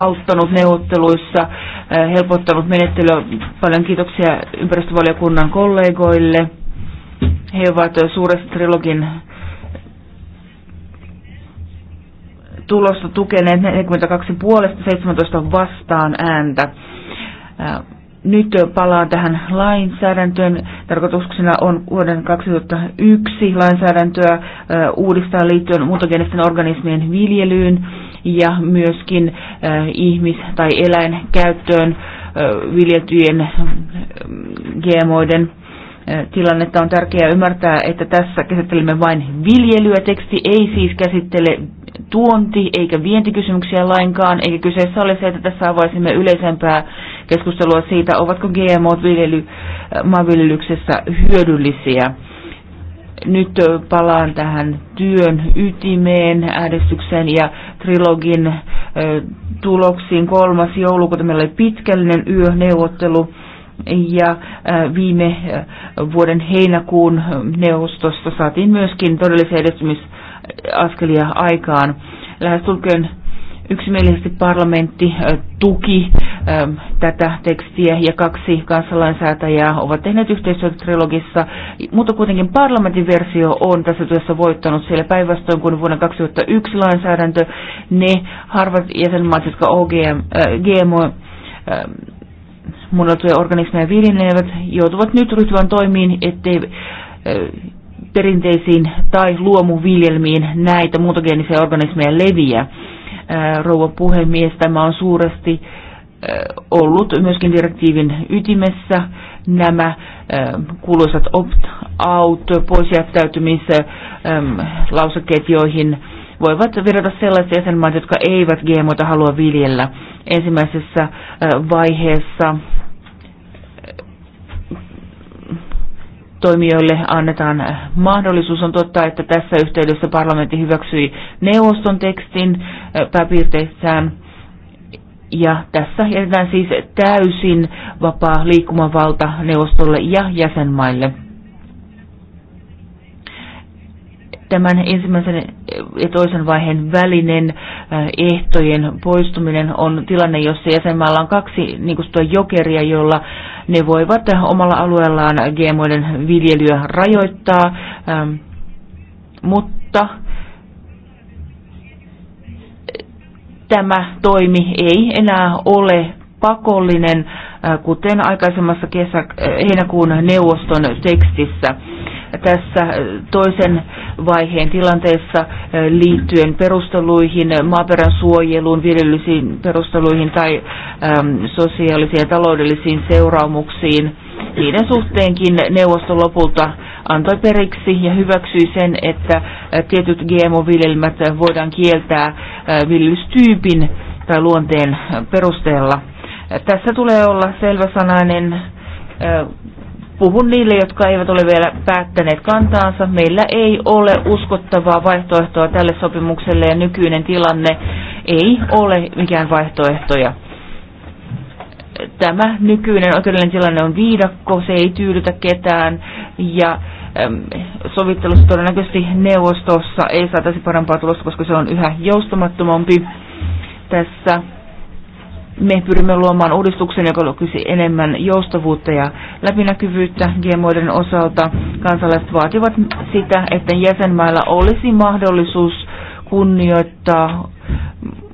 auttanut neuvotteluissa, eh, helpottanut menettelyä. Paljon kiitoksia ympäristövaliokunnan kollegoille. He ovat suuresta trilogin tulosta tukeneet 42 puolesta 17 vastaan ääntä. Eh, nyt palaan tähän lainsäädäntöön. Tarkoituksena on vuoden 2001 lainsäädäntöä eh, uudistaa liittyen muutogeenisten organismien viljelyyn ja myöskin ihmis- tai eläinkäyttöön viljeltyjen GMOiden tilannetta on tärkeää ymmärtää, että tässä käsittelemme vain viljelyä. Teksti ei siis käsittele tuonti- eikä vientikysymyksiä lainkaan, eikä kyseessä ole se, että tässä avaisimme yleisempää keskustelua siitä, ovatko GMO viljely, maanviljelyksessä hyödyllisiä nyt palaan tähän työn ytimeen, äänestyksen ja trilogin tuloksiin. Kolmas joulukuuta meillä oli pitkällinen yöneuvottelu ja viime vuoden heinäkuun neuvostosta saatiin myöskin todellisia edistymisaskelia aikaan. Lähes tulkeen Yksimielisesti parlamentti tuki tätä tekstiä ja kaksi kansalainsäätäjää ovat tehneet yhteistyötä trilogissa, mutta kuitenkin parlamentin versio on tässä työssä voittanut siellä päinvastoin kuin vuonna 2001 lainsäädäntö. Ne harvat jäsenmaat, jotka OGM, äh, GMO äh, muunneltuja organismeja viljelevät, joutuvat nyt ryhtymään toimiin, ettei äh, perinteisiin tai luomuviljelmiin näitä muutogeenisiä organismeja leviä. Äh, rouva puhemies. Tämä on suuresti äh, ollut myöskin direktiivin ytimessä nämä äh, kuuluisat opt-out, poisjättäytymislausekkeet, ähm, joihin voivat verrata sellaiset jäsenmaat, jotka eivät GMOta halua viljellä. Ensimmäisessä vaiheessa toimijoille annetaan mahdollisuus. On totta, että tässä yhteydessä parlamentti hyväksyi neuvoston tekstin pääpiirteissään. Ja tässä jätetään siis täysin vapaa liikkumavalta neuvostolle ja jäsenmaille. Tämän ensimmäisen ja toisen vaiheen välinen ehtojen poistuminen on tilanne, jossa jäsenmaalla on kaksi niin jokeria, jolla ne voivat omalla alueellaan GMOiden viljelyä rajoittaa, mutta tämä toimi ei enää ole pakollinen, kuten aikaisemmassa kesä, heinäkuun neuvoston tekstissä tässä toisen vaiheen tilanteessa liittyen perusteluihin, maaperän suojeluun, viljelyisiin perusteluihin tai sosiaalisiin ja taloudellisiin seuraamuksiin. Niiden suhteenkin neuvosto lopulta antoi periksi ja hyväksyi sen, että tietyt GMO-viljelmät voidaan kieltää viljelystyypin tai luonteen perusteella. Tässä tulee olla selväsanainen puhun niille, jotka eivät ole vielä päättäneet kantaansa. Meillä ei ole uskottavaa vaihtoehtoa tälle sopimukselle ja nykyinen tilanne ei ole mikään vaihtoehtoja. Tämä nykyinen oikeudellinen tilanne on viidakko, se ei tyydytä ketään ja sovittelussa todennäköisesti neuvostossa ei saataisi parempaa tulosta, koska se on yhä joustamattomampi tässä me pyrimme luomaan uudistuksen, joka lukisi enemmän joustavuutta ja läpinäkyvyyttä GMOiden osalta. Kansalaiset vaativat sitä, että jäsenmailla olisi mahdollisuus kunnioittaa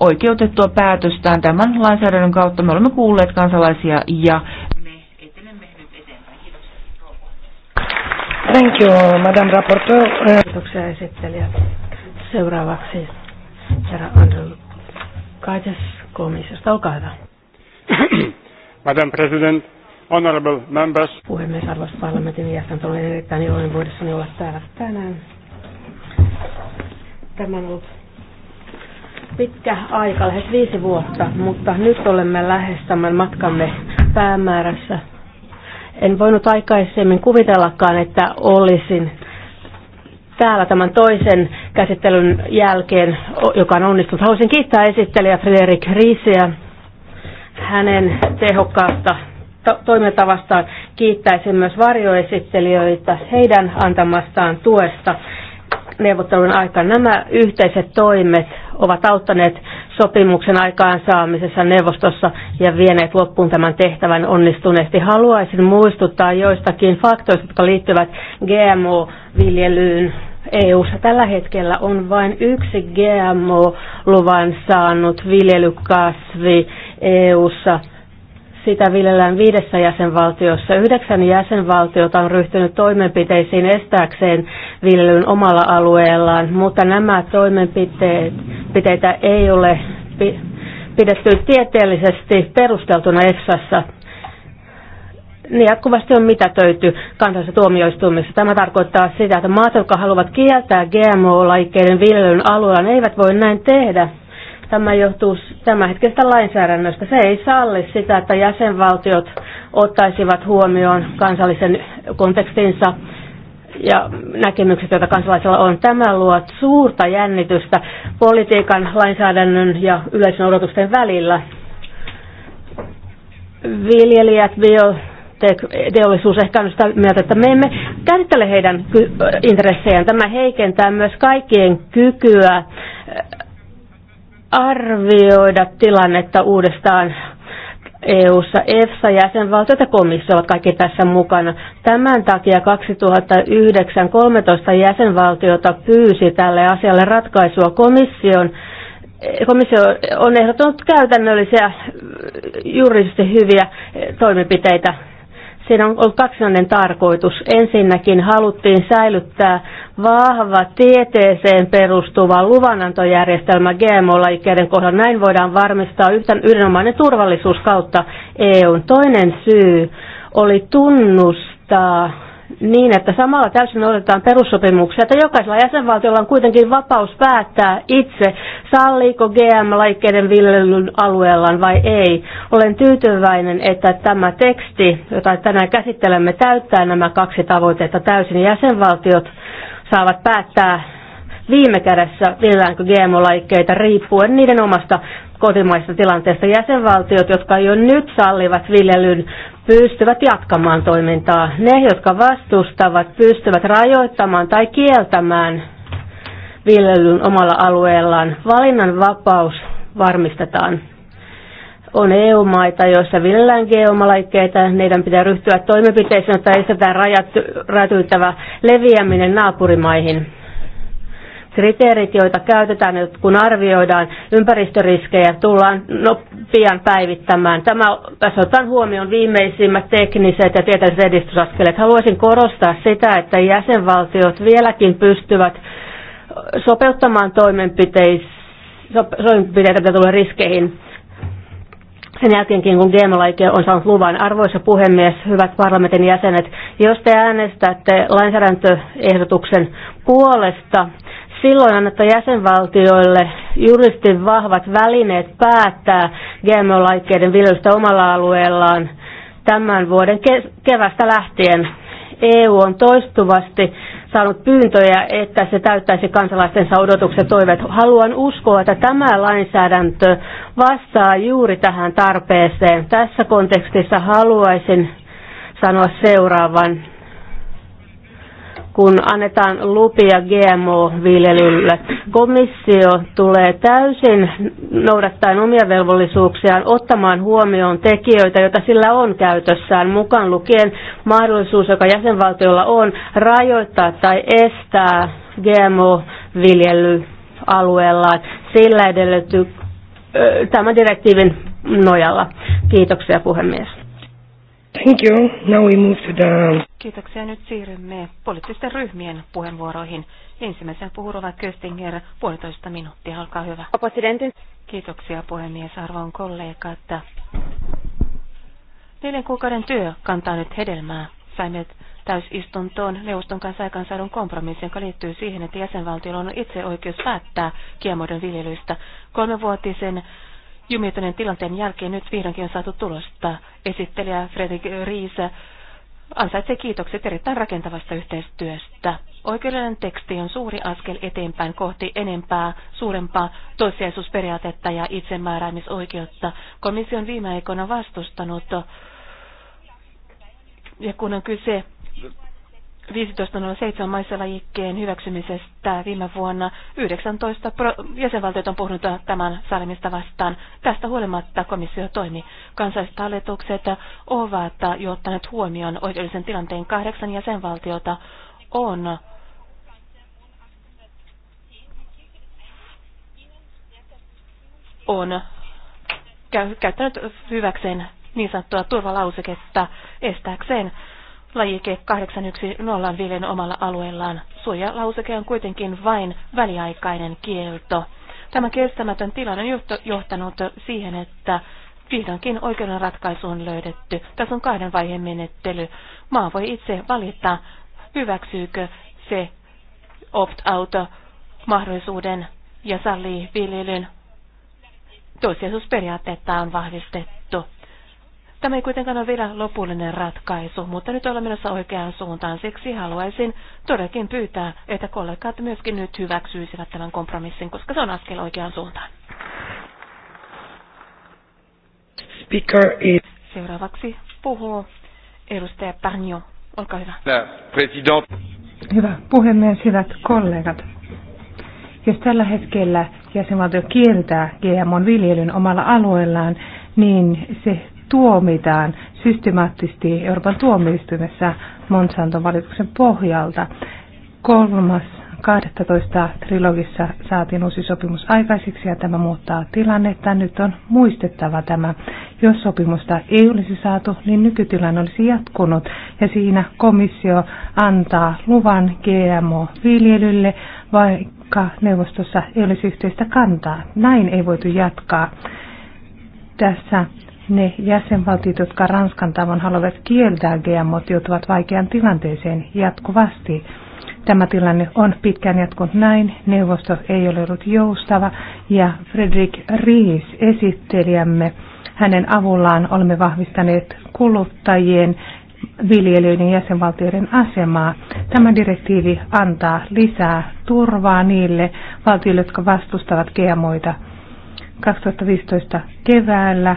oikeutettua päätöstään tämän lainsäädännön kautta. Me olemme kuulleet kansalaisia ja me etenemme nyt eteenpäin. Kiitos. Thank you, Madam Rapporteur. Kiitoksia esittelijä. Seuraavaksi herra Andrew Kaites komissiosta. Olkaa hyvä. Madam President, honorable members. Puhemies, arvoisa parlamentin jäsen, olen erittäin iloinen voidessani olla täällä tänään. Tämä on ollut pitkä aika, lähes viisi vuotta, mutta nyt olemme lähes tämän matkamme päämäärässä. En voinut aikaisemmin kuvitellakaan, että olisin täällä tämän toisen käsittelyn jälkeen, joka on onnistunut. Haluaisin kiittää esittelijä Frederik Riisiä hänen tehokkaasta to- toimintavastaan. Kiittäisin myös varjoesittelijöitä heidän antamastaan tuesta neuvottelun aikana. Nämä yhteiset toimet ovat auttaneet sopimuksen aikaansaamisessa neuvostossa ja vieneet loppuun tämän tehtävän onnistuneesti. Haluaisin muistuttaa joistakin faktoista, jotka liittyvät GMO-viljelyyn EU-ssa tällä hetkellä on vain yksi GMO-luvan saanut viljelykasvi EU-ssa. Sitä viljellään viidessä jäsenvaltiossa. Yhdeksän jäsenvaltiota on ryhtynyt toimenpiteisiin estääkseen viljelyn omalla alueellaan, mutta nämä toimenpiteitä ei ole pidetty tieteellisesti perusteltuna EFSassa ne jatkuvasti on mitätöity kansallisessa tuomioistuimessa. Tämä tarkoittaa sitä, että maat, jotka haluavat kieltää GMO-laikkeiden viljelyn alueella, ne eivät voi näin tehdä. Tämä johtuu tämänhetkisestä lainsäädännöstä. Se ei salli sitä, että jäsenvaltiot ottaisivat huomioon kansallisen kontekstinsa ja näkemykset, joita kansalaisilla on. Tämä luo suurta jännitystä politiikan, lainsäädännön ja yleisön odotusten välillä viljelijät, bio, teollisuus ehkä on sitä mieltä, että me emme käsittele heidän intressejään. Tämä heikentää myös kaikkien kykyä eh, arvioida tilannetta uudestaan EU-ssa EFSA, jäsenvaltiot ja komissio ovat kaikki tässä mukana. Tämän takia 2009 13 jäsenvaltiota pyysi tälle asialle ratkaisua komission. Eh, komissio on ehdottanut käytännöllisiä eh, juridisesti hyviä toimenpiteitä Siinä on ollut kaksinainen tarkoitus. Ensinnäkin haluttiin säilyttää vahva tieteeseen perustuva luvanantojärjestelmä GMO-lajikkeiden kohdalla. Näin voidaan varmistaa yhtän yhdenomainen turvallisuus kautta EUn. Toinen syy oli tunnustaa niin, että samalla täysin noudatetaan perussopimuksia, että jokaisella jäsenvaltiolla on kuitenkin vapaus päättää itse, salliiko GM-laikkeiden viljelyn alueellaan vai ei. Olen tyytyväinen, että tämä teksti, jota tänään käsittelemme, täyttää nämä kaksi tavoitetta täysin. Jäsenvaltiot saavat päättää viime kädessä viljelläänkö gm laikkeita riippuen niiden omasta kotimaista tilanteesta jäsenvaltiot, jotka jo nyt sallivat viljelyn pystyvät jatkamaan toimintaa. Ne, jotka vastustavat, pystyvät rajoittamaan tai kieltämään viljelyn omalla alueellaan. Valinnan vapaus varmistetaan. On EU-maita, joissa viljellään geomalaikkeita. Meidän pitää ryhtyä toimenpiteisiin, jotta estetään rajat, rajat leviäminen naapurimaihin Kriteerit, joita käytetään, kun arvioidaan ympäristöriskejä, tullaan no, pian päivittämään. Tämä, tässä otan huomioon viimeisimmät tekniset ja tieteelliset edistysaskeleet. Haluaisin korostaa sitä, että jäsenvaltiot vieläkin pystyvät sopeuttamaan toimenpiteitä, mitä tulee riskeihin sen jälkeenkin, kun GM-laike on saanut luvan. Arvoisa puhemies, hyvät parlamentin jäsenet, jos te äänestätte lainsäädäntöehdotuksen puolesta, Silloin annetaan jäsenvaltioille juristin vahvat välineet päättää GMO-laikkeiden viljelystä omalla alueellaan tämän vuoden kevästä lähtien. EU on toistuvasti saanut pyyntöjä, että se täyttäisi kansalaistensa odotukset toiveet. Haluan uskoa, että tämä lainsäädäntö vastaa juuri tähän tarpeeseen. Tässä kontekstissa haluaisin sanoa seuraavan kun annetaan lupia GMO-viljelylle. Komissio tulee täysin noudattaen omia velvollisuuksiaan ottamaan huomioon tekijöitä, joita sillä on käytössään, mukaan lukien mahdollisuus, joka jäsenvaltiolla on, rajoittaa tai estää gmo viljelyalueellaan sillä edellyty tämän direktiivin nojalla. Kiitoksia puhemies. Thank you. Now we move to the Kiitoksia. Nyt siirrymme poliittisten ryhmien puheenvuoroihin. Ensimmäisenä puhuu Rova Köstinger, puolitoista minuuttia. Olkaa hyvä. Kiitoksia puhemies, arvon että Neljän kuukauden työ kantaa nyt hedelmää. Saimme täysistuntoon neuvoston kanssa saadun kompromissin, joka liittyy siihen, että jäsenvaltiolla on itse oikeus päättää kiemoiden viljelyistä. kolmenvuotisen jumiutuneen tilanteen jälkeen nyt vihdoinkin on saatu tulosta. Esittelijä Fredrik Riisa ansaitsee kiitokset erittäin rakentavasta yhteistyöstä. Oikeudellinen teksti on suuri askel eteenpäin kohti enempää, suurempaa toissijaisuusperiaatetta ja itsemääräämisoikeutta. Komissio on viime aikoina vastustanut, ja kun on kyse 15.07 maissalajikkeen hyväksymisestä viime vuonna 19 jäsenvaltiot on puhunut tämän salimista vastaan. Tästä huolimatta komissio toimi. Kansalliset hallitukset ovat jo ottaneet huomioon oikeudellisen tilanteen kahdeksan jäsenvaltiota on on käyttänyt hyväkseen niin sanottua turvalauseketta estääkseen Lajike 810 viljen omalla alueellaan. Suojalauseke on kuitenkin vain väliaikainen kielto. Tämä kestämätön tilanne on johtanut siihen, että vihdoinkin oikeuden ratkaisu on löydetty. Tässä on kahden vaiheen menettely. Maa voi itse valita, hyväksyykö se opt-out-mahdollisuuden ja sallii viljelyn. Toissijaisuusperiaatteetta on vahvistettu Tämä ei kuitenkaan ole vielä lopullinen ratkaisu, mutta nyt ollaan menossa oikeaan suuntaan. Siksi haluaisin todellakin pyytää, että kollegat myöskin nyt hyväksyisivät tämän kompromissin, koska se on askel oikeaan suuntaan. Speaker is... Seuraavaksi puhuu edustaja Pagno. Olkaa hyvä. President. Hyvä puhemies, hyvät kollegat. Jos tällä hetkellä jäsenvaltio kieltää gmo viljelyn omalla alueellaan, niin se tuomitaan systemaattisesti Euroopan tuomioistuimessa Monsanton valituksen pohjalta. Kolmas 12. trilogissa saatiin uusi sopimus aikaiseksi ja tämä muuttaa tilannetta. Nyt on muistettava tämä. Jos sopimusta ei olisi saatu, niin nykytilanne olisi jatkunut ja siinä komissio antaa luvan GMO-viljelylle, vaikka neuvostossa ei olisi yhteistä kantaa. Näin ei voitu jatkaa. Tässä ne jäsenvaltiot, jotka Ranskan tavoin haluavat kieltää GMO, joutuvat vaikean tilanteeseen jatkuvasti. Tämä tilanne on pitkään jatkunut näin, neuvosto ei ole ollut joustava ja Fredrik Riis esittelijämme, hänen avullaan olemme vahvistaneet kuluttajien, viljelijöiden ja jäsenvaltioiden asemaa. Tämä direktiivi antaa lisää turvaa niille valtioille, jotka vastustavat GMOita. 2015 keväällä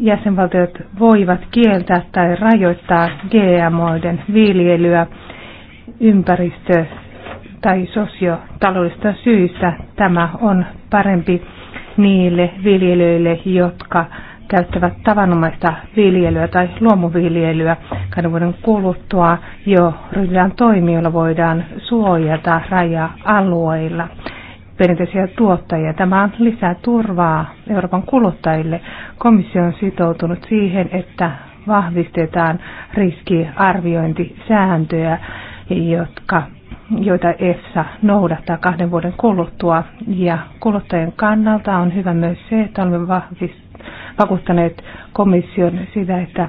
jäsenvaltiot voivat kieltää tai rajoittaa GMOiden viljelyä ympäristö- tai sosiotaloudellista syistä. Tämä on parempi niille viljelijöille, jotka käyttävät tavanomaista viljelyä tai luomuviljelyä. Kahden vuoden kuluttua jo ryhdytään toimiin, voidaan suojata raja-alueilla – perinteisiä tuottajia. Tämä on lisää turvaa Euroopan kuluttajille. Komissio on sitoutunut siihen, että vahvistetaan riskiarviointisääntöjä, jotka, joita EFSA noudattaa kahden vuoden kuluttua. Ja kuluttajien kannalta on hyvä myös se, että olemme vahvistaneet vakuuttaneet komission sitä, että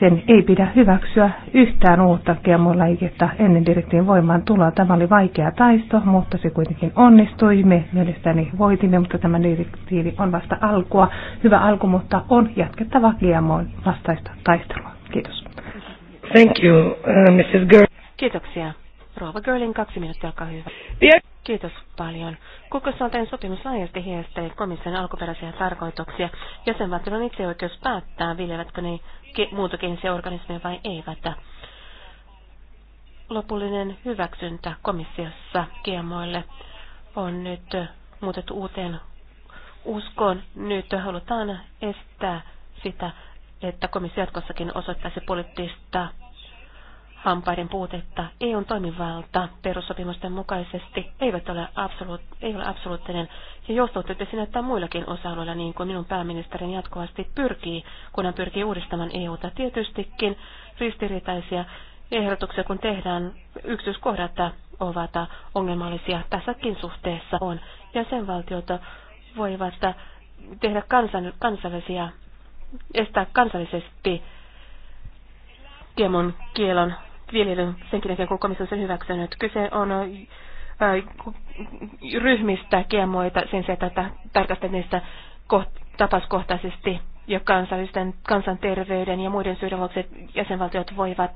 sen ei pidä hyväksyä yhtään uutta GMO-lajiketta ennen direktiin voimaan tuloa. Tämä oli vaikea taisto, mutta se kuitenkin onnistui. Me mielestäni voitimme, mutta tämä direktiivi on vasta alkua. Hyvä alku, mutta on jatkettava gmo vastaista taistelua. Kiitos. Thank you, uh, Mrs. Girl. Kiitoksia. Rova Girlin kaksi minuuttia, olkaa hyvä. Yeah. Kiitos paljon. tämän sopimus laajasti heijastelee komission alkuperäisiä tarkoituksia. Jäsenvaltiolla on itse oikeus päättää, viljelevätkö ne ke- organismeja vai eivät. Lopullinen hyväksyntä komissiossa kiemoille on nyt muutettu uuteen uskoon. Nyt halutaan estää sitä, että komissio jatkossakin osoittaisi poliittista hampaiden puutetta. EUn toimivalta perussopimusten mukaisesti eivät ole absoluut, ei ole absoluuttinen ja joustavuutta että muillakin osa-alueilla niin kuin minun pääministerin jatkuvasti pyrkii, kun hän pyrkii uudistamaan EUta. Tietystikin ristiriitaisia ehdotuksia, kun tehdään yksityiskohdat ovat ongelmallisia tässäkin suhteessa on. ja sen valtiota voivat tehdä kansan, kansallisia, estää kansallisesti kiemon kielon viljely, senkin jälkeen, kun komissio sen hyväksynyt. Kyse on ryhmistä kiemoita sen sijaan, että tarkastetaan niistä tapauskohtaisesti ja kansallisten, kansanterveyden ja muiden syiden vuoksi jäsenvaltiot voivat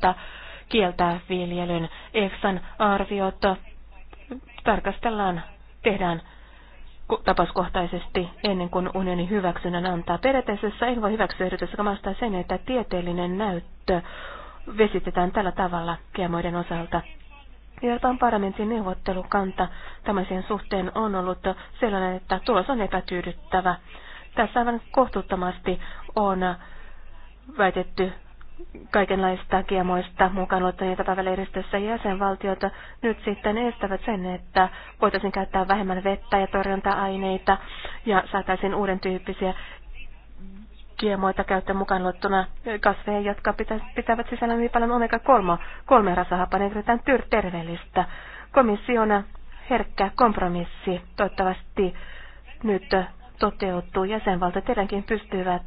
kieltää viljelyn. EFSAn arviot tarkastellaan, tehdään tapauskohtaisesti ennen kuin unionin hyväksynnän antaa. Periaatteessa en voi hyväksyä ehdotus, joka sen, että tieteellinen näyttö vesitetään tällä tavalla GMOiden osalta. Euroopan parlamentin neuvottelukanta tämmöisen suhteen on ollut sellainen, että tulos on epätyydyttävä. Tässä aivan kohtuuttomasti on väitetty kaikenlaista kiemoista mukaan luottaneita päiväleiristössä jäsenvaltiota nyt sitten estävät sen, että voitaisiin käyttää vähemmän vettä ja torjunta-aineita ja saataisiin uuden tyyppisiä GMOita käyttää mukaan luottuna kasveja, jotka pitävät sisällä niin paljon omega-3 kolme rasahappaa, erittäin terveellistä. Komissiona herkkä kompromissi toivottavasti nyt toteutuu. Jäsenvaltiot tietenkin pystyvät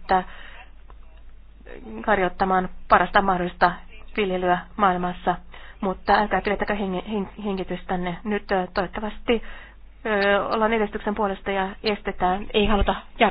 harjoittamaan parasta mahdollista viljelyä maailmassa, mutta älkää pidetäkö hengitystänne. Nyt toivottavasti ollaan edistyksen puolesta ja estetään, ei haluta jarruttaa.